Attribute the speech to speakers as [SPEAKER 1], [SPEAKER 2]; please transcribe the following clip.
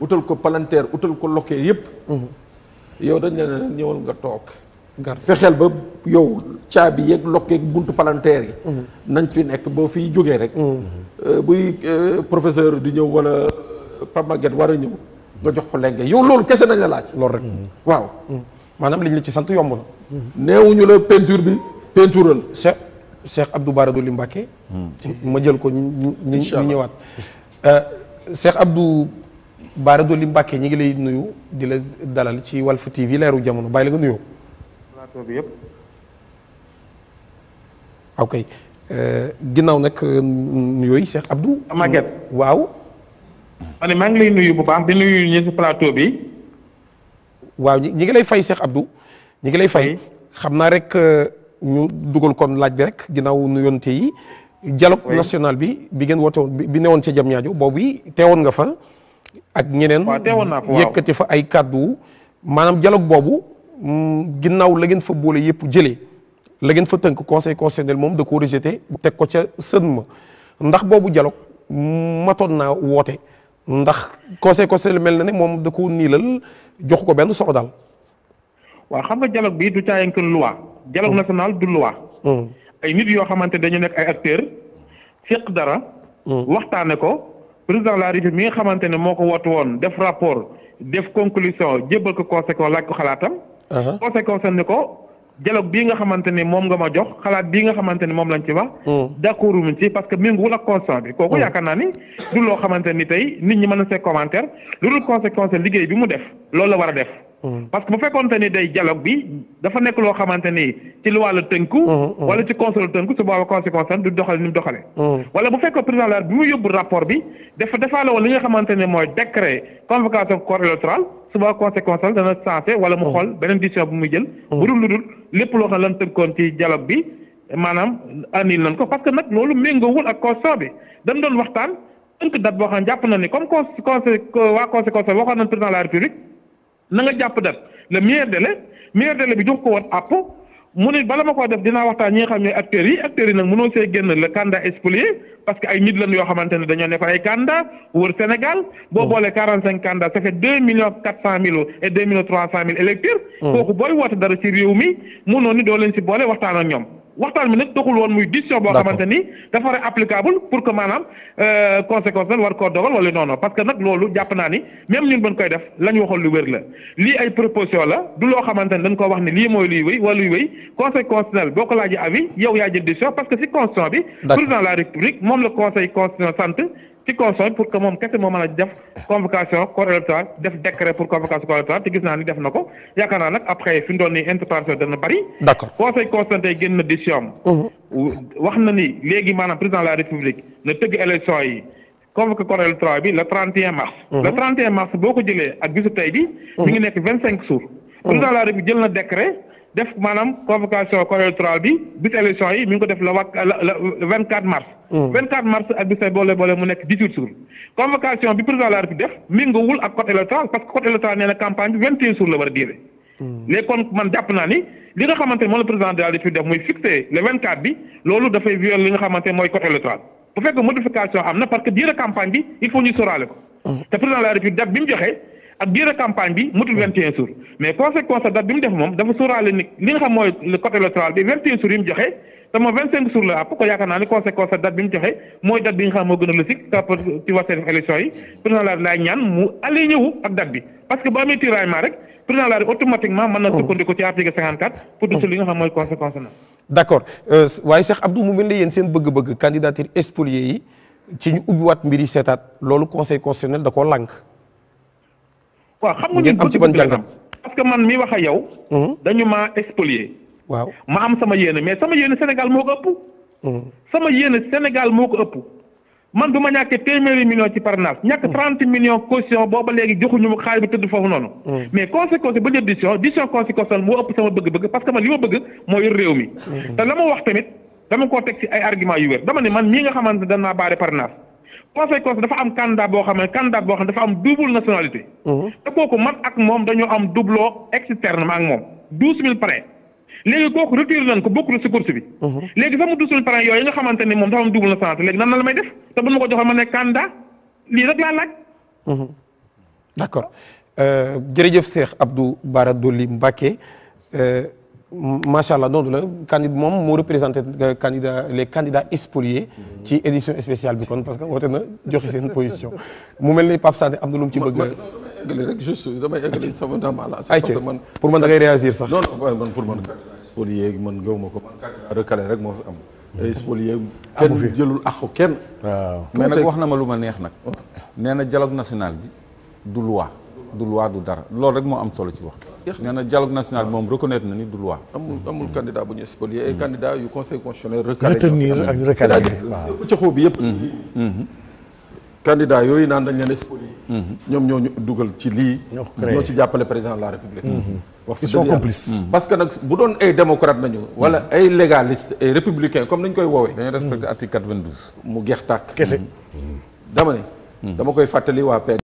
[SPEAKER 1] utal ko palanteer utal ko lokkee yépp yow dañ la ne ñëwal nga toog fexeel ba yow caabi yeeg lokkeeg buntu palanteer yi nañ fi nekk boo fiy jógee rek euh, buy euh, professeur di ñëw wala euh, Pape Maguette war a ñëw
[SPEAKER 2] nga jox ko lenge yow loolu kese nañ la laaj loolu rek waaw maanaam liñ la ci sant yomb na neewuñu la peinture bi peintural Cheikh Cheikh Abdou Bara Dolly Mbacké hmm. ma jël ko ñu ñëwaat Cheikh Abdou Bara Dolly Mbacké ñi ngi lay nuyu di dalal ci Walf TV leeru jamono bàyyi la nga nuyoo. bi yëpp. ok euh, ginnaaw nag euh, nuyooyu Cheikh Abdou. Maguette waaw. ma maa ngi lay nuyu bu baax di nuyu ñi bi. waaw ñi ngi lay fay Cheikh Abdou. ñi ngi lay fay xam naa rek euh, ñu dugal kon laaj bi rek ginnaaw nuyoon yi. dialogue national bi bi ngeen woote woon bi newoon ca Diamniadio boobu yi teewoon nga fa. ak ñeneen yëkkati fa ay kàddu maanaam dialogue boobu mm, ginnaaw la ngeen fa boole yëpp jëlee la ngeen fa tënk conseil constitutionnel moom da ko rejeté teg ko ca sën ma ndax boobu dialogue mm, matoon naa woote ndax conseil constitutionnel mel na ne moom da ko niilal jox ko benn solo daal waa xam nga dialogue bi du
[SPEAKER 3] caayank loi dialogue mm. national du loi ay nit yoo xamante dañu nekk ay acteur séq dara waxtaane ko président de la République mi nga xamante ne moo ko wootu woon def rapport def conclusion jébbal ko conséquence laaj ko xalaatam. Uh-huh. conséquence ne ko dialogue bii nga xamante ne moom nga ma jox xalaat bi nga xamante ne moom lañ ci wax. Mm. d'accord mu ci parce que méngoowul ak constat bi. kooku mm. yaakaar naa ni du loo xamante ni tey nit ñi mën na see commentaire lu dul conséquence liggéey bi mu def loolu la war a def. Mm-hmm. parce que bu fekkoonte ni day dialogue bi dafa nekk loo xamante ci loi la tënku. Mm-hmm. wala ci conseil la tënku su conséquence mm-hmm. la dana sensé wala mu xool beneen décision bu muy jël. bu dul lu dul lépp loo xam lan tënkoon ci dialogue bi maanaam annulé nañ ko parce que nag loolu méngoowul ak constat bi dañ doon waxtaan tënk date boo xam jàpp na ni comme con waa conseil conseil waxoon nañ président la république. na nga jàpp dat le meilleur délai meilleur bi jox ko woon àpp mu ne bala ma koo def dinaa waxtaan ñi nga xam ne acteurs yi acteurs yi nag mënoo see génn le candidat spolié parce que ay nit lan yoo xamante ne dañoo nekkoon ay candidat wër Sénégal. boo boolee quarante cinq candidats ça fait deux millions quatre cent mille et deux millions trois cent mille électeurs. kooku booy woote dara ci réew mi mënoo ni doo leen si boole waxtaan ak ñoom. waxtaan bi nag doxul woon muy décision boo xamante ni applicable pour que maanaam euh, conséquence la war koo dogal wala non non parce que nag loolu jàpp naa ni même ñun bañ koy def la ñu waxoon lu wér la lii ay proposition la du loo xamante ni dañ ko wax ni lii mooy luy wéy wala luy wéy conseil constitutionnel boo ko a avis yow yaa jël décision parce que si constitution bi président la république moom la conseil constitutionnel sant ci conseil pour que moom kese moo mën a def convocation corps électoral def décret pour convocation corps électoral te gis naa ni def na ko yaakaar naa nag après fi mu doon nii dana bëri. d'accord conseil constitutionnel génn na décision wax na ni léegi maanaam président la république na tëgg élection yi convoqué corps électoral bi le 31 mars. le 31 mars boo ko jëlee ak bisu tey bi. mi ngi nekk 25 jours. président la république 24 mm. mars ak bi say boole boole mu nekk 18 jours convocation bi président la République def méngoowul ak code électoral parce que code électoral nee campagne bi 21 jours la war a diire. léegi mm. kon jàpp naa ni li nga xamante ne président la République def muy fixé le 24 bi loolu dafay violer li nga xamante mooy code électoral bu fekkee modification am na parce que diire campagne bi il faut ñu sóoraale ko. Mm. te président la République ak biir campagne bi mutul 21 jours mais conséquence date bi mu def moom dafa suuraale ni li nga xam mooy le électoral bi 21 jours yi mu joxe te moom 25 jours la àpp ko yaakaar naa ni conséquence bi mu joxe mooy date bi nga xam moo gën a logique kàpp ci laay ñaan mu allé ñëw ak date bi parce que ba amee tiraillement rek président la automatiquement mën na sukkandiku ci article 54 pour dusul li nga xam mooy conséquence euh, bëgg-bëgg candidature
[SPEAKER 2] spoliée yi loolu conseil constitutionnel da koo
[SPEAKER 3] waaw xam nga ñun am ci ban jàngat parce que man mi wax a yow. dañu maa expolier. waaw ma am sama yéene mais sama yéene Sénégal moo ko ëpp. sama yéene Sénégal moo ko ëpp. man du ma ñàkk téeméeri millions ci parrainage ñàkk trente millions caution booba léegi joxuñu mu bi tëdd foofu noonu. mais conséquence ba jël décision décision conséquence moo ëpp sama bëgg-bëgg parce man li ma bëgg moo yor réew mi. te la ma wax tamit dama koo teg ci ay argument yu wér dama ne man nga xamante ne danaa baare conseil constitutionnel dafa am candidat boo xam ne candidat boo xam dafa am double nationalité. Mhm. te kooku man ak moom dañoo am doublon externe ak moom douze mille parrain léegi kooku retiré nañ ko bokkul si course bi. Mhm. léegi sama douze mille parrain yooyu nga xamante ne moom dafa am double nationalité léegi nan la may def te bu ma ko joxee ma ne candidat lii rek laa laaj. Mhm.
[SPEAKER 2] d' accord euh, jërëjëf Cheikh Abdou Bara Dolly Mbacké. Euh, macha allah donc la candidat moom moo représenté euh, candidat les candidats spoliés ci édition spéciale bi kon parce que woote na joxe seen position mu mel ni Pape Sané am na lu mu ci bëgg. ma
[SPEAKER 1] rek juste damay eggali sama dama man pour man da ngay réagir sax. non non man pour man spolié man gëw ma ko man rek moo fi am. spolié kenn jëlul axu kenn. waaw mais nag wax na ma lu ma neex nag. Oh. nee na dialogue national bi du loi. du loi du dara loolu rek moo am solo ci wax. nee na dialogue national moom reconnaître na ni du loi. amul amul mm-hmm. candidat bu ñu spolié ay mm-hmm. candidat yu conseil constitutionnel. recalé retenir ak recalé waaw bi yëpp. Mm-hmm. candidat yooyu naan dañ leen spolié. ñoom ñoo dugal ci lii. ñoo ci jàppale président la république. wax ils sont complices. parce que nag bu doon ay démocrate nañu. wala ay légaliste ay républicain comme nañ